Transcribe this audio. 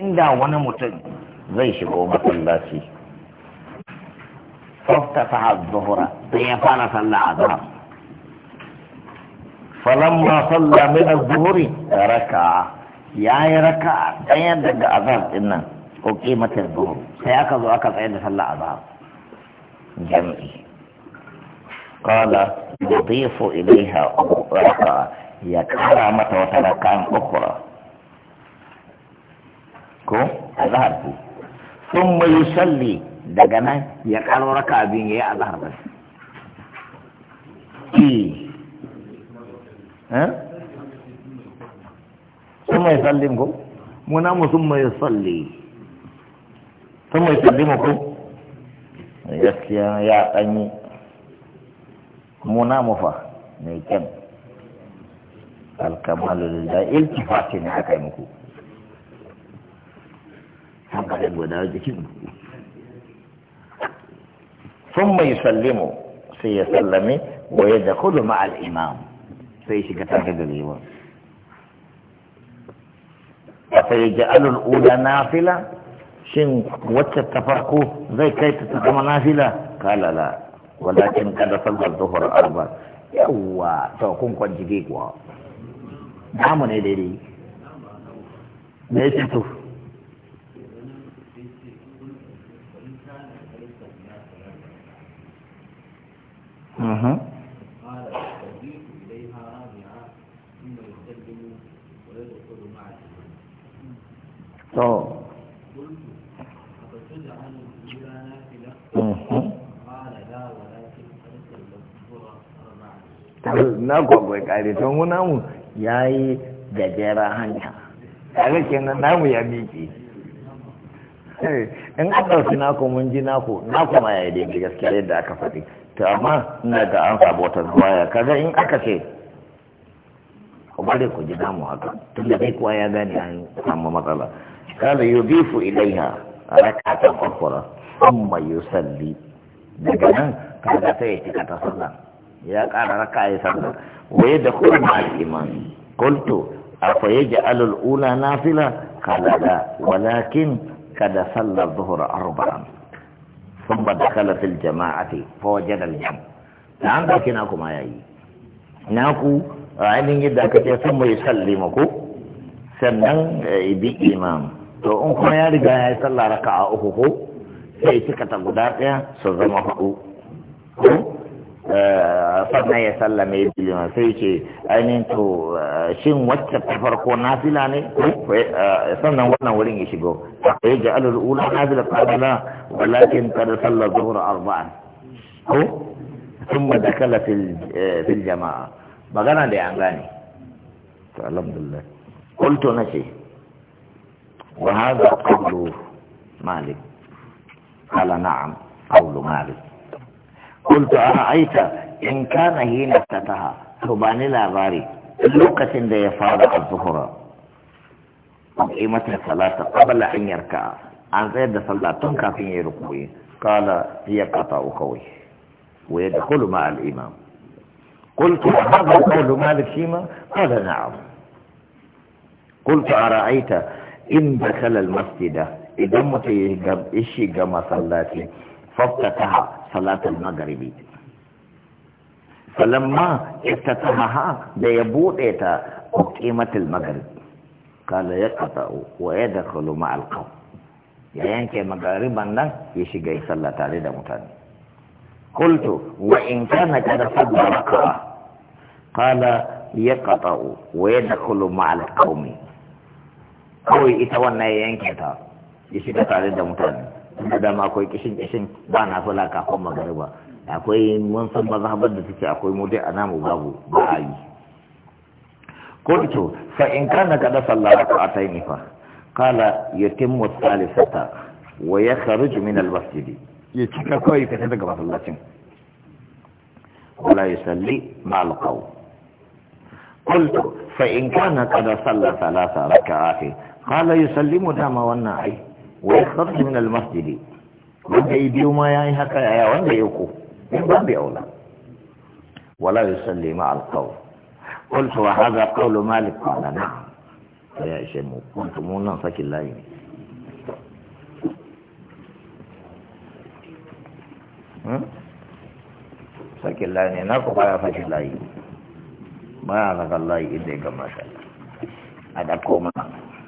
inda wani mutum zai shigo masallaci fafta ta zuhura sai ya fara sallar azhar falamma sallah min az-zuhuri raka yayi raka ɗaya daga azhar din nan ko kimatar zuhur sai aka zo aka tsaya da sallar azhar zuhar jami'i qala yudifu ilaiha raka ya kara mata wata rakan ukhra ko a zahar ko sun mai salli daga nan ya karo raka abin ya yi a zahar bai sun eh? mai sallin ko muna mu sun mai salli sun mai salli ko gaskiya ya ɗanyi muna mu fa mai kyan alkamalu da iltifati ne aka yi muku haka da guda jikin sun mai sallimu sai ya sallame wa ya da kudu ma'al imam sai shiga tare da lewa a sai ji alul na fila, shin wacce ta farko zai kai ta zama na nafila kalala walakin kada sallar zuhur arba yawwa to kun kwanci kuwa namu ne daidai me ya ce to na kwakwai kare tun wuna mu ya yi gajera hanya tare na namu ya miƙe in an ɗauki naku mun ji naku naku ma ya yi daidai gaskiya yadda aka faɗi to amma ina ga an samu wata ruwaya kaga in aka ce ku bari ku ji namu haka tun da dai kuwa ya gane an samu matsala kada yubifu ilaiha raka ta kwakwara kuma salli daga nan kada sai ya cika ta sallah ya ƙara raka ya sallah waye da kuma iman kultu afa ya ji alul'ula na fila kala da walakin kada sallar zuhura arba'an sun ba da kalafin jama'a fawajen aljam da an ɗauki ya yi. yayi ku, ainihin yadda aka sun mai salli mako sannan ibi eh, imam to in kuma ya riga ya yi sallah a uku ko sai cika ta guda ɗaya su zama hudu eh, sannan ya sallame biliman sai ce ainihin to eh, shin wacce ta farko nafila ne eh, sannan wannan wurin ya shigo ya ji alul ula nafila fadila walakin da sallar zuhur arba'an ko sun ma dakala fil jama'a magana da ya an gane to alhamdulillah kulto na ce وهذا قول مالك قال نعم قول مالك قلت أرأيت إن كان حين ثبان لا غاري لوكة دي يفارع الظهر قيمة الصلاة قبل أن يركع عن زيد صلاة في يركوي قال هي قطع قوي ويدخل مع الإمام قلت هذا قول مالك فيما قال نعم قلت أرأيت in dakala almasjida idan mutum ya shiga masallaci faftataha salatul magharibi falamma iftataha da ya bude ta qimatul maghrib kala yaqta'u wa yadkhulu ma'al qawm ya yanke maghariban nan ya shiga sallah tare da mutane qultu wa in kana kada fadda qala yaqta'u wa yadkhulu ma'al qawmi kawai ita wannan ya yanke ta ya shiga tare da mutane da dama akwai kishin kishin ba na fula kafin ba, akwai mun san ba za da take akwai mu dai a namu babu ba a yi ko da to fa in kana kada sallah ka ta yi fa kala yatim mutalisata wa ya kharuj min al masjid ya cika kawai ka daga masallacin wala yusalli ma al qaw قلت فإن كان قد صلى ثلاث ركعات قال يسلم داما والناعي ويخرج من المسجد من يبيو ما يعني هكا يا وان يوكو من باب أولا ولا يسلم على القول قلت وهذا قول مالك قال نعم فيا إشمو كنت مونا فك الله يمي فك الله يمي ناكو فيا فك الله يمي ما يعلق الله إدي كما شاء الله هذا قوم نعم